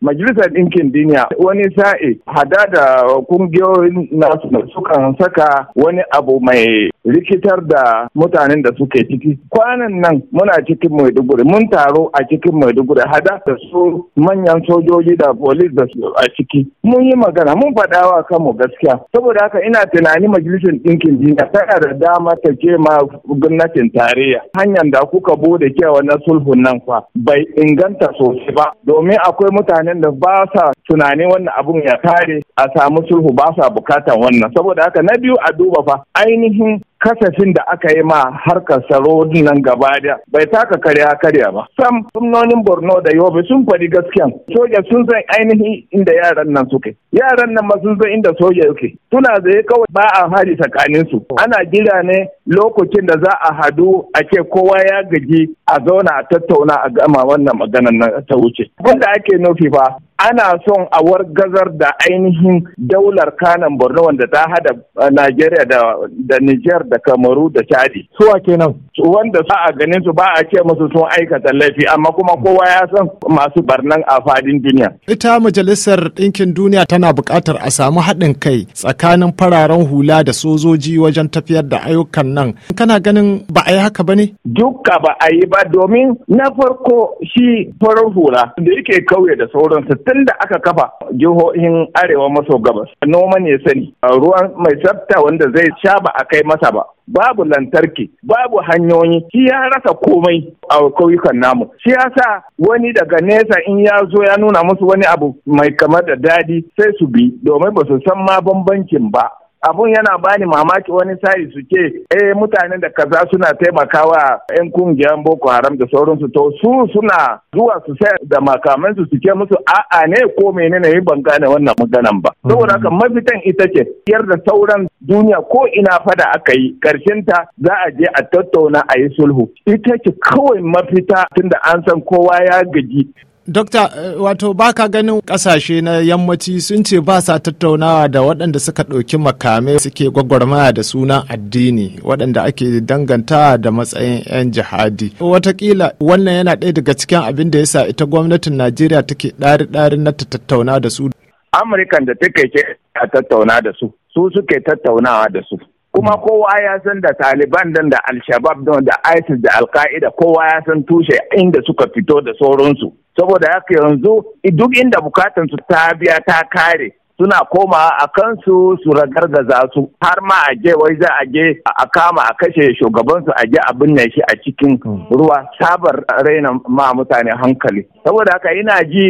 majalisar ɗinkin duniya wani sa'e hada da kungiyoyin nasu sukan saka wani abu mai rikitar da mutanen da suke ciki kwanan nan muna cikin maiduguri mun taro a cikin maiduguri hada da su manyan sojoji da polis da su a ciki mun yi magana mun faɗawa kanmu gaskiya saboda haka ina tunani majalisar ɗinkin duniya tana da dama ta ce ma gwamnatin tarayya hanyar da kuka bude cewa na sulhun nan fa bai inganta sosai ba domin akwai mutane mutanen da ba sa tunanin wannan abun ya kare a samu sulhu ba sa bukatan wannan saboda haka na biyu a duba fa ainihin kasafin da aka yi ma harkar tsaro nan gaba da bai taka karya karya ba sam gwamnonin borno da yobe sun faɗi gaskiyan soja sun san ainihin inda yaran nan suke yaran nan ma sun san inda soja yake suna zai kawai ba a hari tsakanin su ana gida ne lokacin da za a hadu a ke kowa ya gaji a zauna a tattauna a gama wannan maganar nan ta wuce abin ake nufi fa ana son a gazar da ainihin daular kanan borno wanda ta hada eh, najeriya da niger da kamaru da chadi suwa kenan wanda za a ganin su ba a ce musu sun aikata laifi amma kuma kowa ya san masu barnan a fadin duniya. Ita majalisar ɗinkin duniya tana buƙatar a samu haɗin kai tsakanin fararen hula da sojoji wajen tafiyar da ayyukan nan. Kana ganin ba a yi haka ba ne? Dukka ba a yi ba domin na farko shi farar hula da yake kauye da sauransu tun da aka kafa jihohin arewa maso gabas. Noma ne sani ruwan mai tsafta wanda zai sha ba a kai masa ba. babu lantarki babu hanyoyi shi ya rasa komai a kauyukan namu shi ya sa wani daga nesa in ya zo ya nuna musu wani abu mai kamar da daɗi sai su bi domin ba su san ma bambancin ba abun yana bani mamaki wani sa'i su ce eh mutanen da kaza suna taimakawa yan kungiyar boko haram da sauransu to su suna zuwa su sai da makaman su ce musu a'a ne ko menene yi ban gane wannan maganan ba mm. saboda haka mafitan ita ce yar da sauran duniya ko ina fada aka yi karshen ta za a je a tattauna a yi sulhu ita ce kawai mafita tunda an san kowa ya gaji Dokta, eh, wato baka ganin kasashe na yammaci sun ce ba sa tattaunawa da waɗanda suka ɗauki makamai suke gwagwarmaya da suna addini waɗanda ake danganta da matsayin 'yan jihadi. Wataƙila wannan yana ɗaya daga cikin abin da ya sa ita gwamnatin Najeriya take ɗari-ɗari na ta tattauna da su. Amurkan da take ke a tattauna da su, su suke tattaunawa da su. kuma mm. kowa ya san da taliban don da al-shabab don da isis da al-qaida kowa ya san tushe inda suka fito da sauransu saboda haka yanzu duk inda bukatansu ta biya ta kare suna koma a kansu su ragargaza su har ma a je wai za a je a kama a kashe shugabansu a je a binne shi a cikin hmm. ruwa sabar raina ma mutane hankali saboda haka ina ji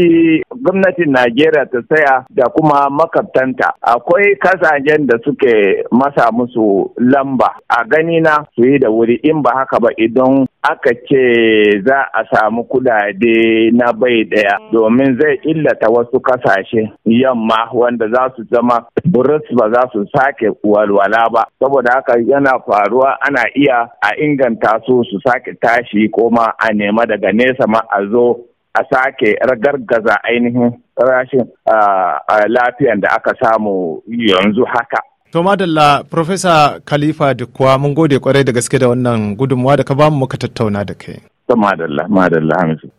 gwamnatin najeriya ta saya da kuma makabtanta akwai kasajen da suke masa musu lamba a ganina, su yi da wuri in ba haka ba idan aka ce za a samu kudade na bai daya domin zai illata wasu kasashe yamma wanda da za su zama burus ba za su sake walwala ba saboda haka yana faruwa ana iya a inganta su su sake tashi koma a nema daga nesa ma a zo a sake ragargaza ainihin rashin lafiyan da aka samu yanzu haka To madalla Profesa Khalifa Dukwa mun gode kwarai da gaske da wannan gudunmawa da ka bamu muka tattauna da kai. To madalla, madalla Hamisu.